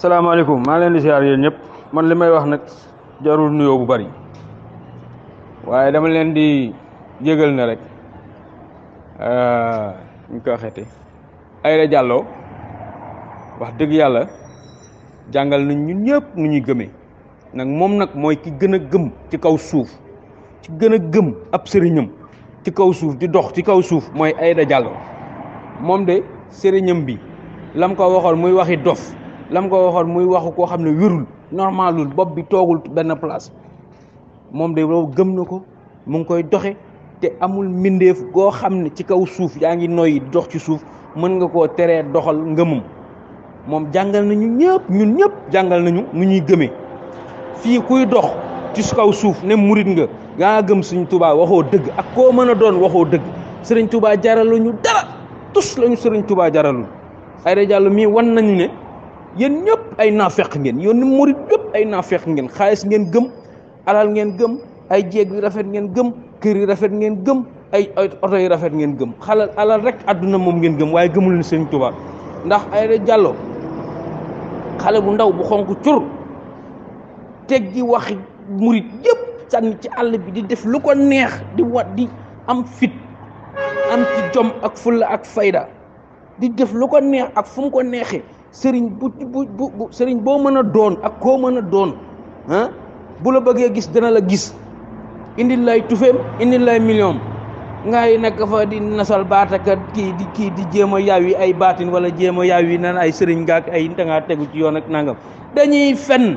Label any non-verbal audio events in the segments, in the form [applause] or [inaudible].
salaamaaleykum maa leen di siyaar yéen ñëpp man li may wax nag jarul nuyoo bu bari waaye dama leen di yëgal na rek euh, ñu koy waxeeti Aida jàlloo wax dëgg yàlla jàngal nañ ñun ñëpp nu ñuy gëmee nag moom nag mooy ki gën a gëm ci kaw suuf ci gën a gëm ab sëriñam ci kaw suuf di dox ci kaw suuf mooy Aida Diallo moom de sëriñam bi lam ko waxoon muy waxi dof lam ko waxoon muy waxu koo xam ne wérul normalul bopp bi toogul benn place moom de loolu gëm na ko mu ngi koy doxe te amul mbindeef goo xam ne ci kaw suuf yaa ngi noyyi dox ci suuf mën nga koo teree doxal ngëmum moom jàngal nañu ñëpp ñun ñëpp jàngal nañu mu ñuy gëmee fii kuy dox ci kaw suuf ne murit nga yaa gëm suñ tubaa waxoo dëgg ak koo mën a doon waxoo dëgg sëriñ tubaa jaraluñu dara tus lañu sëriñ tubaa jaraluñu ay da jàll mii wan nañu ne yéen ñëpp ay naafeq ngeen yéen murit ñëpp ay naafeq ngeen xaalis ngeen gëm alal ngeen gëm ay jéeg rafet ngeen gëm kër yu rafet ngeen gëm ay ay oto yu rafet ngeen gëm xalal alal rek àdduna moom ngeen gëm waaye gëmul leen sëñ Tuubaa ndax ay da jàllo xale bu ndaw bu xonk cur teg ji waxi murit yëpp sànni ci àll bi di def lu ko neex di wat di am fit am jom ak fulla ak fayda di def lu ko neex ak fu mu ko neexee sëriñ bu bu bu sëriñ boo mën a doon ak koo mën a doon ah, bu la bëggee gis dana la gis indil lay tufeem indi lay million ngay nekk fa di nasal baataka kii di kii di jéem a yaaw yi ay baatin wala jéem a yaaw yi nan ay sëriñ ngaak ay dangaa tegu ci yoon ak nangam dañuy fenn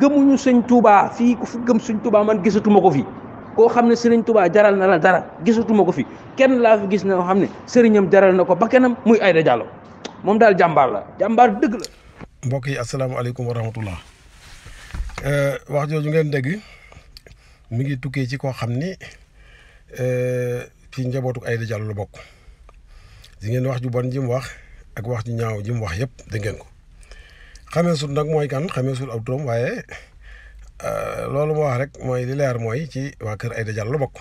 gëmuñu sëñ Tuubaa fii ku fi gëm sëñ Tuubaa man gisatuma ko fi koo xam ne sëriñ tubaa jaral na la dara gisatuma ko fi kenn laa fi gis na xam ne sëriñam jaral na ko ba kenam muy Aida Diallo moom daal jàmbaar la jàmbaar dëgg la. mbokk yi asalaamaaleykum wa rahmatullah euh, wax jooju ngeen dégg mi ngi tukkee ci koo xam ni euh, ci njabootu Aida Diallo la bokk di ngeen wax ju bon ji wax ak wax ju ñaaw ji wax yépp dégg ngeen ko xamee sul nag mooy kan xamee sul ab toom waaye. Euh, loolu mu wax rek mooy li leer mooy ci waa kër Aïda Diallo la bokk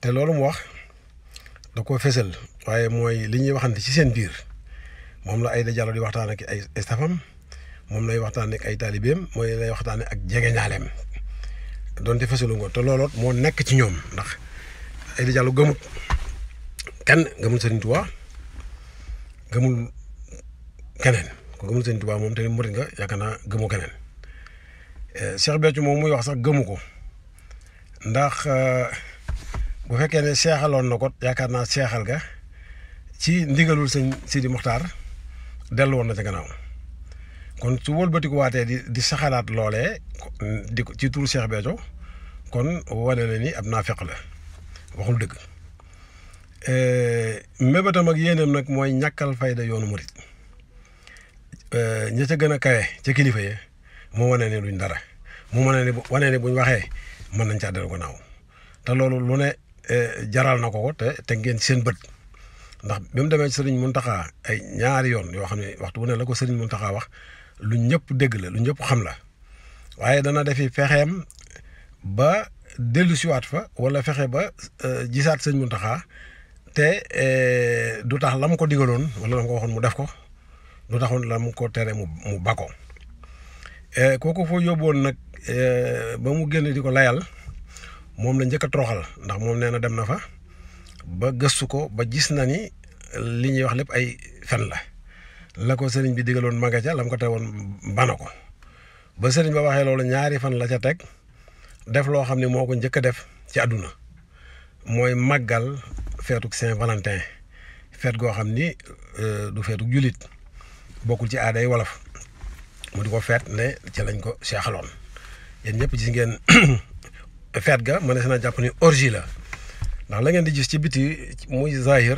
te loolu mu wax da ko fësal waaye mooy li ñuy waxante ci seen biir moom la Aïda Diallo di waxtaan ak ay stafam moom lay waxtaan ak ay taalibeem mooy lay waxtaane ak jegeñaaleem donte fësalu nga te looloot moo nekk ci ñoom ndax Aïda Diallo gëmut kenn gëmul Sëriñ Tuubaa gëmul keneen ko gëmul Sëriñ Tuubaa moom te murit nga yaakaar naa gëmu keneen Cheikh Béthio mom muy wax sax gëmu ko ndax bu fekkee ne seexaloon na ko yaakaar naa seexal ga ci ndigalul sëñ Sidi Muxtaar dellu woon na ca gannaaw kon su wëlbatiku waatee di di saxalaat loolee di ci turu Cheikh Béthio kon wane na ni ab naafeq la waxul dëgg mébétam ak yéeneem nag mooy ñàkkal fayda yoonu murit ña ca gën a kawe ca kilifa ye mu wanee ne luñ dara mu wanee ne bu wane waxee mën nañ caa dellu gannaaw te loolu lu ne eh, jaral na ko ko te te ngeen seen bët ndax bi mu demee mun taxaa ay ñaari yoon yoo xam ne waxtu wu ne la ko Serigne taxaa wax lu ñëpp dégg la lu ñëpp xam la waaye dana defi fexeem ba dellu siwaat fa wala fexe ba eh, gisaat sëñ taxaa te eh, du tax la mu ko diggaloon wala la mu ko waxoon mu def ko du taxoon la mu ko tere mu mu Eh, kooku foo yóbboon nag eh, ba mu génn di ko layal moom la njëkka troxal ndax moom nee na dem na fa ba gëstu ko ba gis na ni li ñuy wax lépp ay fen la la ko sëriñ bi digaloon maga ca la mu ko woon bana ko ba sëriñ ba waxee loolu ñaari fan la ca teg def loo xam ne moo ko njëkk a def ci àdduna mooy màggal feetuk Saint-Valentin feet goo xam ni eh, du feetuk jullit bokkul ci aaday wolof mu di ko feet ne ci lañ ko xeexalon yeen ñëpp gis ngeen [clears throat] fet ga mo ne sama japp ni orgie la ndax la ngeen di gis ci biti muy zahir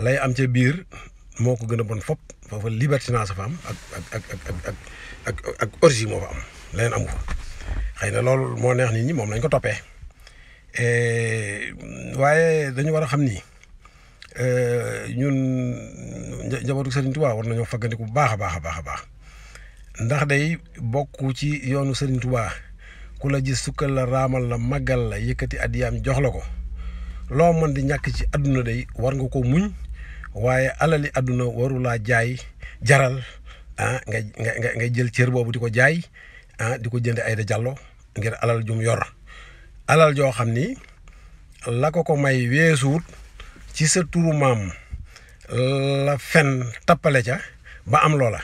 lay am ci bir moko gëna bon fop fofu libertinage fa am ak ak ak ak ak ak ak orgie mo fa am leen am ko xeyna lool mo neex nit ñi mom lañ ko topé toppee eh, waye dañu wara a xam ni eh, ñun njabootu Serigne Touba war nañu faggandiku baaxa baaxa baaxa baax baax ndax day bokku ci yoonu Serigne Touba ku la gis sukkal la raamal la màggal la yëkkati addiyaam jox la ko loo mën di ñàkk ci àdduna day war nga ko muñ waaye alali àdduna warulaa jaay jaral ah nga nga nga jël cër boobu di ko jaay ah di ko jënd ay da jàllo ngir alal jum yor alal joo xam ni la ko ko may weesuut ci sa turu maam la fen tappale ca ba am loola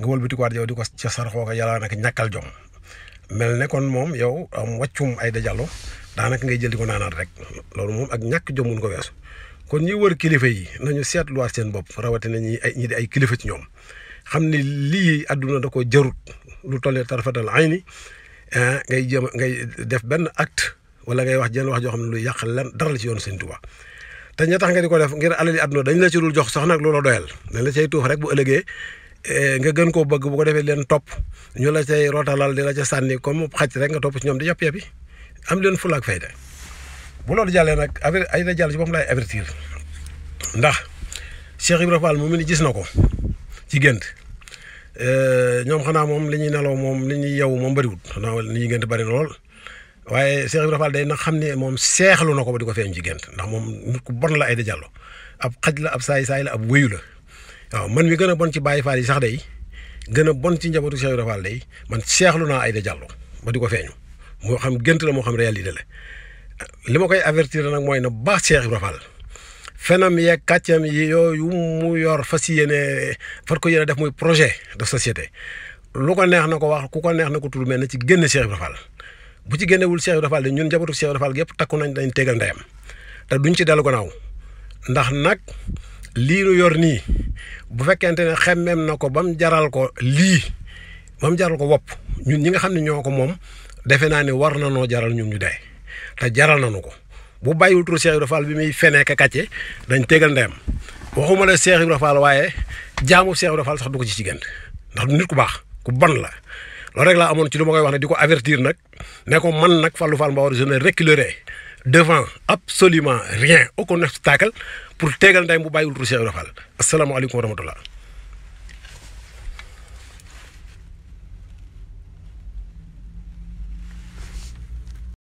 nga wëlbatikuwaat yow di ko ca sarxoo ko yàlla nag ñàkkal jom mel ne kon moom yow am wàccum ay dajallo daanaka ngay jël di ko naanaat rek loolu moom ak ñàkk jom mun ko weesu. kon ñi war kilifa yi nañu seetluwaat seen bopp rawatina ñi ay ñi ay kilifa ci ñoom xam ni lii àdduna da ko jarut lu tollee tarfatal ayni eh, ngay jéem ngay def benn acte wala ngay wax jenn wax joo xam ne lu yàq lan dara la ci yoonu Sëñ Tuubaa te ña tax nga di ko def ngir alali àdduna dañ la ci dul jox sax nag loola doyal dañ la cay tuuf rek bu ëllëgee Eh, nga gën koo bëgg bu ko defee leen topp ñu la cay rootalal di la ca sànni comme xaj rek nga topp ci ñoom di yàpp yàppi am leen fulla ak de bu loolu jàllee nag affaire ay da jàll si boppam laay avertir ndax Cheikh Ibrahima Fall ni gis na ko ci gént eh, ñoom xanaa moom li ñuy naloo moom li ñuy yow moom bëriwut xanaa li ñuy gént bëri lool waaye Cheikh Ibrahima Fall day na xam ne moom seexlu na ko ba di ko feeñ ci gént ndax moom nit ku bon la ay da jàll ab xaj la ab saay saay la ab wéyu la. waaw man mi gën a bon ci Baye Fall yi sax day gën a bon ci njabootu Cheikh Ibra Fall day man seexlu naa Aïda Diallo ba di ko feeñu moo xam gént la moo xam réalité la li ma koy avertir nag mooy na baax seex Ibra Fall fenam yeeg kàccam yi yu mu yor fas yéene far ko yéene def muy projet de société lu ko neex na ko wax ku ko neex na ko tudd mel na ci génn Cheikh Ibra Fall bu ci génnewul Cheikh Ibra Fall de ñun njabootu Cheikh Ibra Fall yëpp takku nañ dañ tegal ndeyam te duñ ci dellu gannaaw ndax nag lii nu yor nii bu fekkente ne xemmem na ko ba mu jaral ko lii ba mu jaral ko wopp ñun ñi nga xam ne ñoo ko moom defe naa ni war na noo jaral ñun ñu dee te jaral na nu ko bu bàyyiwul tur Cheikh Ibra bi muy fenee ka kàcce dañ tegal ndeyam waxuma la Cheikh Ibra Fall waaye jaamu Cheikh Ibra sax du ko ci ci ndax du ku baax ku bon la loolu rek laa amoon ci lu ma koy wax ne di ko avertir nag ne ko man nag Fallou Fall Mbaor je ne reculerai devant absolument rien aucun obstacle pour tegal nday mu bàyyiwul Cheikh Ibra Fall asalaamaaleykum wa rahmatullah